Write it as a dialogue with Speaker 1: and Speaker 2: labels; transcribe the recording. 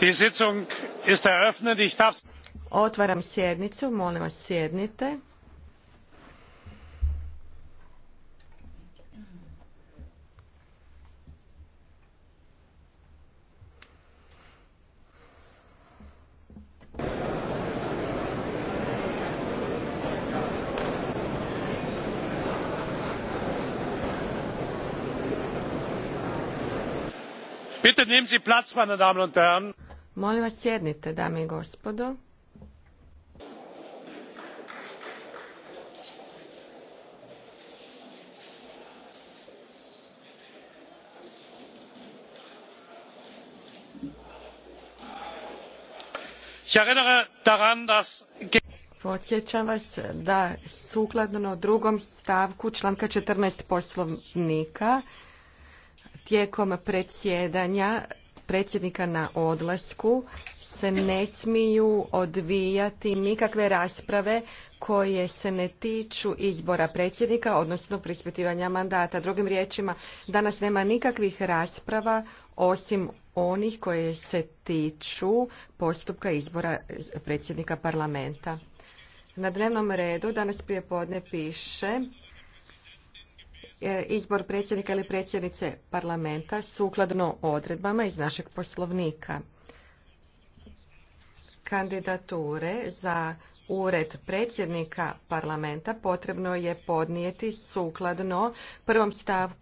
Speaker 1: Die Sitzung ist eröffnet. Ich darf...
Speaker 2: Otvaram sjednicu, molim vas sjednite.
Speaker 1: bitte nehmen sie platz meine damen und herren!
Speaker 3: Molim vas sjednite, dame i gospodo.
Speaker 2: Podsjećam vas da sukladno drugom stavku članka 14 poslovnika tijekom predsjedanja predsjednika na odlasku se ne smiju odvijati nikakve rasprave koje se ne tiču izbora predsjednika, odnosno prispitivanja mandata. Drugim riječima, danas nema nikakvih rasprava osim onih koje se tiču postupka izbora predsjednika parlamenta. Na dnevnom redu danas prije podne piše E, izbor predsjednika ili predsjednice parlamenta sukladno odredbama iz našeg poslovnika. Kandidature za ured predsjednika parlamenta potrebno je podnijeti sukladno prvom stavku